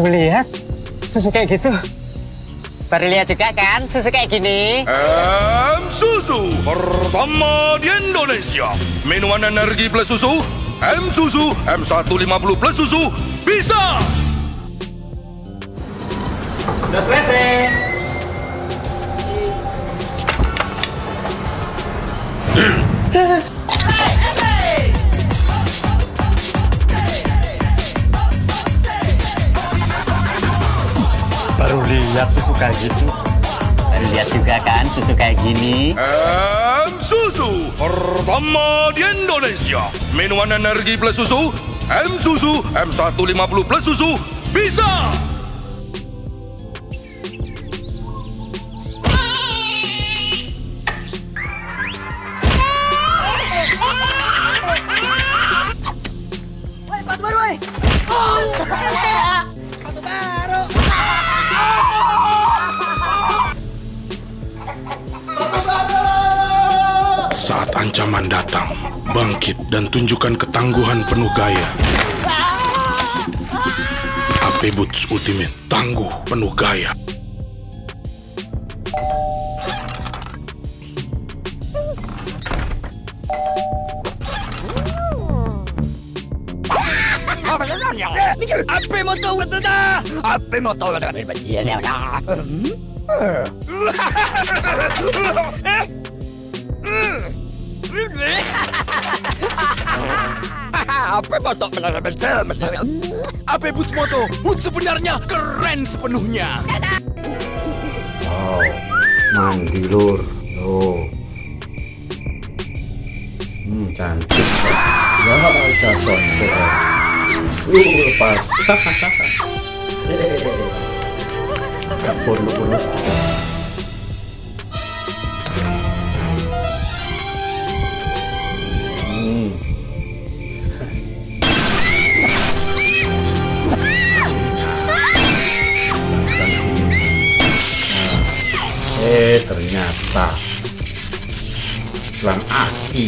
baru lihat susu kayak gitu. Baru lihat juga kan susu kayak gini. M Susu pertama di Indonesia. Minuman energi plus susu, M Susu, M150 plus susu, bisa! Sudah selesai. Hmm. baru lihat susu kayak gitu. Baru lihat juga kan susu kayak gini. M Susu, pertama di Indonesia. Minuman energi plus susu, M Susu, M150 plus susu, bisa! ancaman datang, bangkit dan tunjukkan ketangguhan penuh gaya. HP Boots Ultimate, tangguh penuh gaya. Apa mau tahu dah? Apa mau tahu dah? Hmm? hmm? Eh? hmm? Apa moto? Apa Boots Moto? Boots sebenarnya keren sepenuhnya. Wow, mandi lur. Oh. Hmm, cantik. Ya, jason. Uh, pas. Gak perlu perlu pesan aki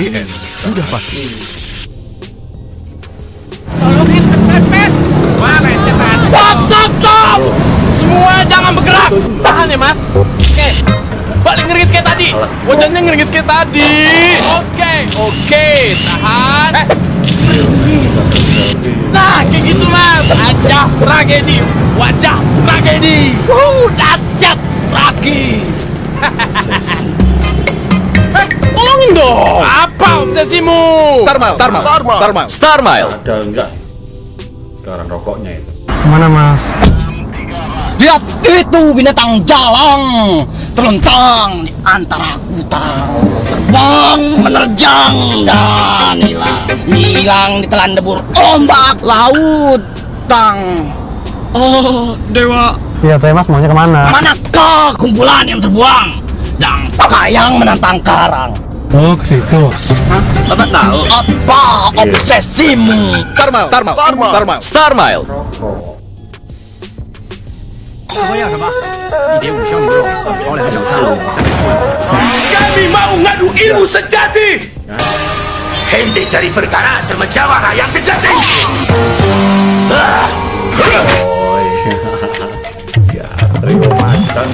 GN sudah pasti tolongin cepat men mana yang cepat stop stop stop semua jangan bergerak tahan ya mas oke balik ngeringis kayak tadi wajannya ngeringis kayak tadi oke oke tahan eh. Nah, kayak gitu lah. Aja tragedi wajah tragedi. Wuh, lagi tragis. Hei, tolongin dong. Apa obsesimu? Starmile, Starmile, Starmile, Starmile. Starmile. Ada enggak? Sekarang rokoknya itu. Mana mas? Lihat itu binatang jalang terlentang di antara hutan, terbang menerjang dan hilang hilang telan debur ombak laut tang Oh, dewa. Iya, tapi mas maunya kemana? Manakah kumpulan yang terbuang? Yang kayang menantang karang. Oh, ke situ. Hah? tahu? Apa obsesimu? Starmail. Starmail. Starmail. Starmail. Starmail. Ya, Kami mau ngadu ilmu sejati. Hendi cari perkara sama Jawa yang sejati. Ah! ya terima macan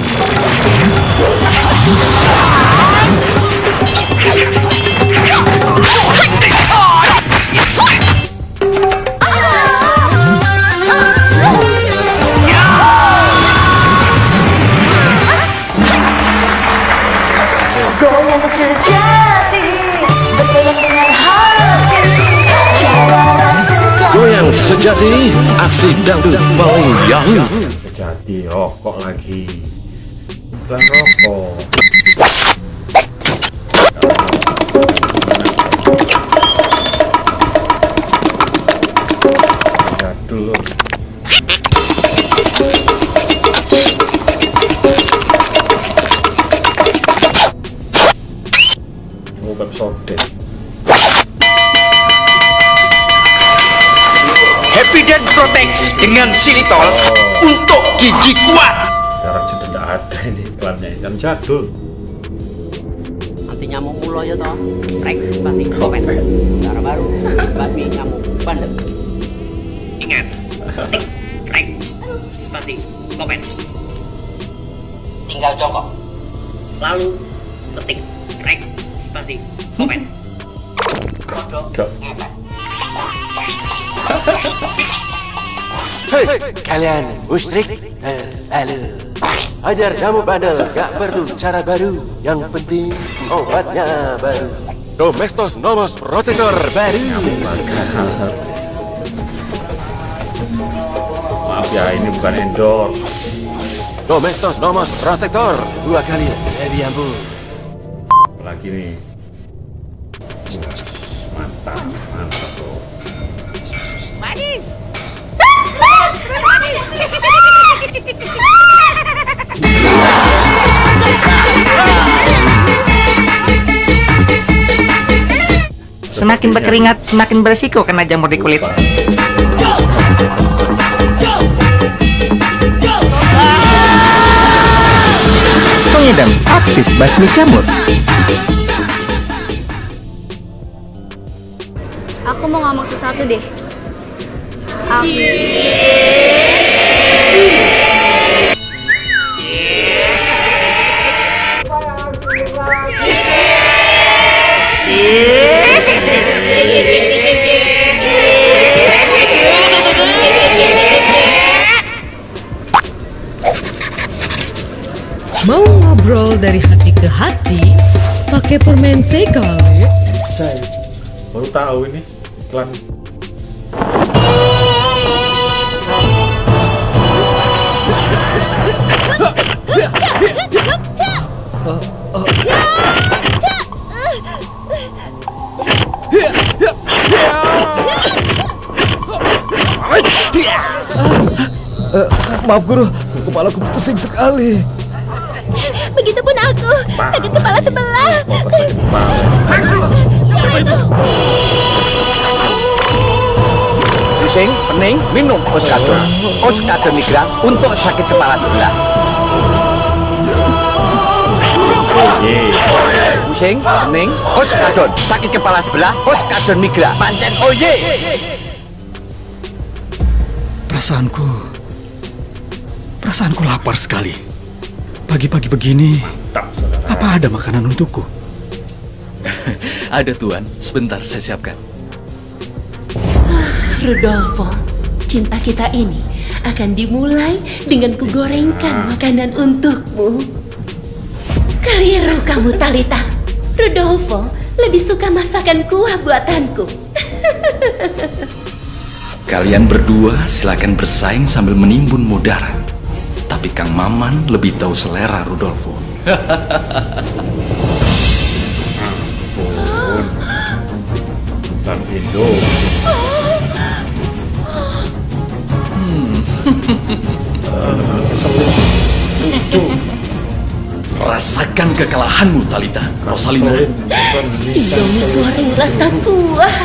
hati rokok lagi iklan rokok kunci kuat sekarang sudah tidak ada ini iklannya kan jadul artinya nyamuk mulu ya toh rek pasti komen cara baru babi nyamuk bandel ingat rek pasti komen tinggal jongkok lalu ketik rek pasti komen kodok Kalian musyrik Lalu. Eh, Ajar jamu bandel, gak perlu cara baru. Yang penting obatnya baru. Domestos Nomos Protector baru. Maaf ya, ini bukan endor. Domestos Nomos Protector dua kali. lebih ya, ampun. Lagi nih. Semakin berkeringat, semakin berisiko kena jamur di kulit. Pengedam aktif basmi jamur. Aku mau ngomong sesuatu deh. Aku... hati pakai permen segala. Ya. Saya baru tahu ini iklan eh, eh, maaf guru, kepala ku pusing sekali. Sakit kepala sebelah. Pusing, pening, minum Oskadon. Oh, Oskadon oh, Nigra untuk sakit kepala sebelah. Pusing, pening, Oskadon. Oh, sakit kepala sebelah, Oskadon nigra. Pancen Oye. Perasaanku, perasaanku lapar sekali. Pagi-pagi begini, apa ada makanan untukku? ada tuan, sebentar saya siapkan. Ah, Rudolfo, cinta kita ini akan dimulai dengan kugorengkan makanan untukmu. Keliru kamu, Talita. Rudolfo lebih suka masakan kuah buatanku. Kalian berdua silakan bersaing sambil menimbun mudara. Tapi Kang Maman lebih tahu selera Rudolfo. Ampun. Bukan Itu. Hmm. Rasakan kekalahanmu, Talita. Rosalina. Indomie goreng rasa kuah.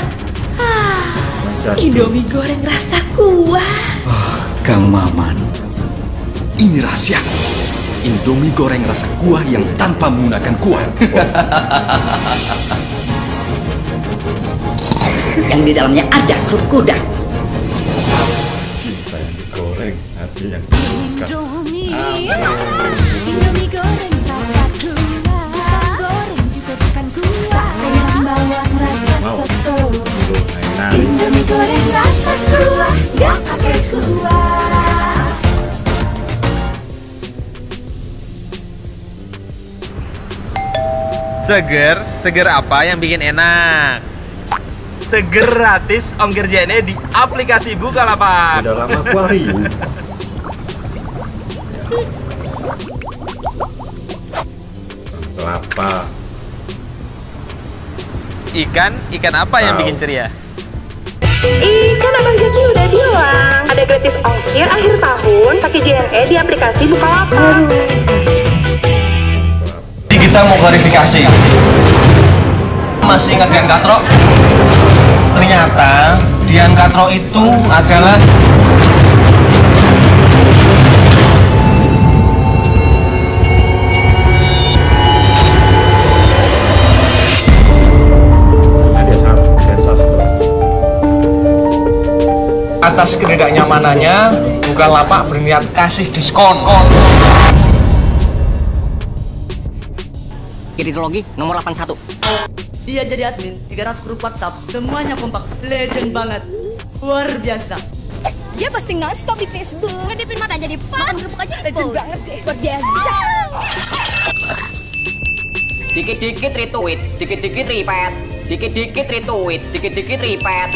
Ah, Indomie goreng rasa kuah. Ah, Kang Maman, ini rahasia. Indomie goreng rasa kuah yang tanpa menggunakan kuah. yang di dalamnya ada kerupuk kuda. Cinta yang digoreng, hati yang terluka. Indomie ah, goreng rasa kuah. Goreng juga bukan kuah. membawa rasa soto. Indomie goreng rasa Seger, seger apa yang bikin enak? Seger gratis Om jne di aplikasi Bukalapak. Udah lama kuari Kelapa. Ikan, ikan apa Tau. yang bikin ceria? ikan Abang Jaki udah bilang Ada gratis ongkir akhir tahun pakai JNE di aplikasi Bukalapak kita mau klarifikasi masih ingat Dian Katro? ternyata Dian Katro itu adalah atas ketidaknyamanannya bukan lapak berniat kasih diskon. Iridologi nomor 81. Dia jadi admin 300 grup WhatsApp, semuanya kompak, legend banget. Luar biasa. Dia pasti nggak di Facebook. Ngedipin mata jadi pas. Makan kerupuk aja legend post. banget sih. Luar biasa. Dikit-dikit retweet, dikit-dikit repeat, dikit-dikit retweet, dikit-dikit repeat.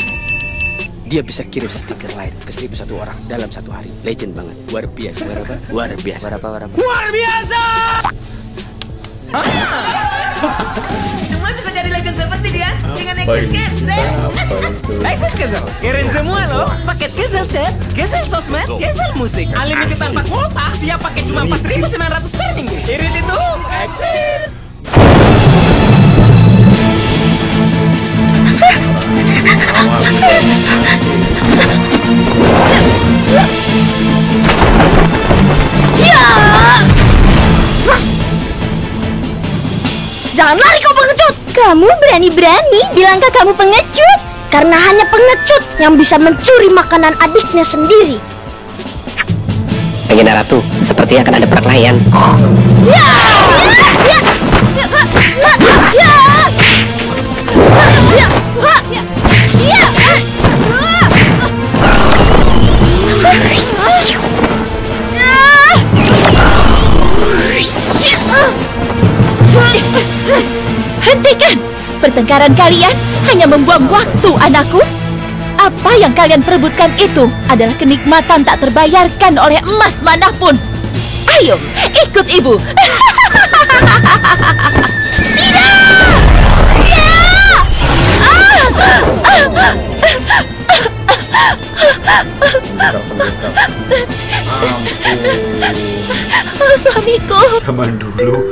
Dia bisa kirim stiker lain ke seribu satu orang dalam satu hari. Legend banget. Luar biasa. Luar biasa. Luar biasa. Luar biasa. Semua bisa jadi legend seperti dia ah, dengan eksis kesel. Excess kesel, keren semua loh. Paket kesel chat, kesel sosmed, kesel musik. Unlimited tanpa kuota, dia pakai cuma 4.900 per minggu. Irit itu Excess. Yeah! Jangan lari kau pengecut! Kamu berani-berani bilang ke kamu pengecut! Karena hanya pengecut yang bisa mencuri makanan adiknya sendiri. Agenda Ratu, sepertinya akan ada Ya! Ya! Ya! Ya! Ya! Ya! Ya! Ya! Ya! hentikan! Pertengkaran kalian hanya membuang waktu, anakku. Apa yang kalian perebutkan itu adalah kenikmatan tak terbayarkan oleh emas manapun. Ayo, ikut ibu. Tidak! Ya! Ah! Ampun. Oh, suamiku. Zaman dulu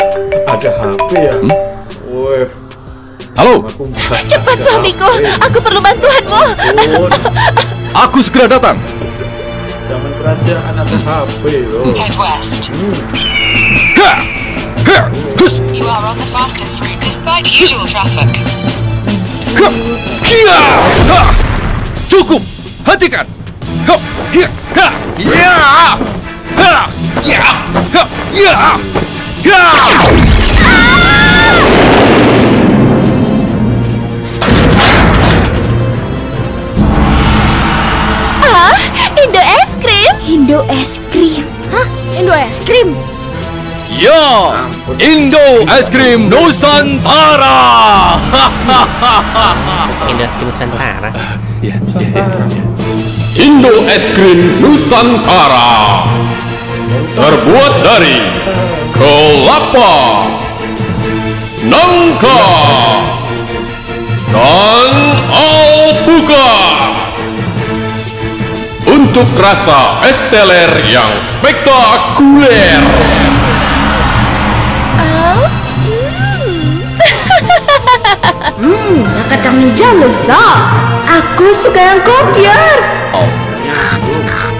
ada HP ya. Hmm? Halo. Cepat suamiku, aku perlu bantuanmu. Aku segera datang. kerajaan HP loh. Head west. Ha! Ha! hush. You are on the fastest route despite usual traffic. Ha! Ha! Cukup! Hentikan! Ha! Ya! Ha! Ya! Ha! Ya! Ha! Ya! Ha! Ah! Indo es krim. Hah? Indo es krim? Ya, Indo es krim Nusantara. Indo es krim Nusantara. Ya, ya, ya, ya, Indo es krim Nusantara. Terbuat dari kelapa, nangka, dan alpukat untuk rasa esteller yang spektakuler. Oh, hmm. hmm, kacang hijau lezat. Aku suka yang kopior.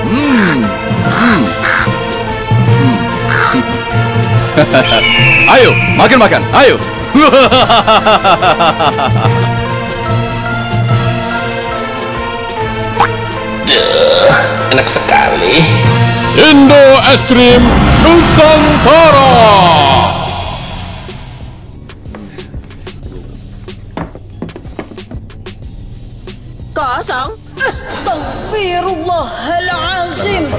Hmm. ayo, makan makan, ayo. enak sekali Indo Es Krim Nusantara kosong Astagfirullahalazim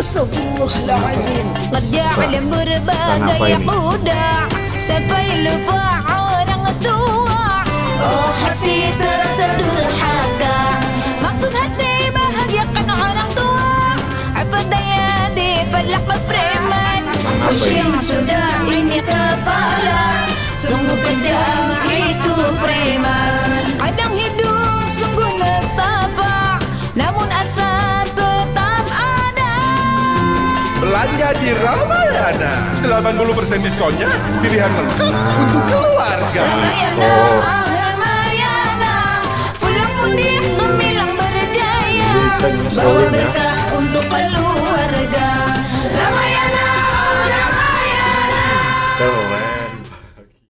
Astagfirullahalazim Qad ja'ala berbagai budak Sampai lupa orang tua Oh hati terasa dunia dapat preman Kucing sudah ini kepala Sungguh kejam itu preman Kadang hidup sungguh nestapa Namun asa tetap ada Belanja di Ramayana 80% diskonnya Pilihan lengkap untuk keluarga Ramayana, oh. Ramayana Pulang mudik memilang berjaya Bawa berkah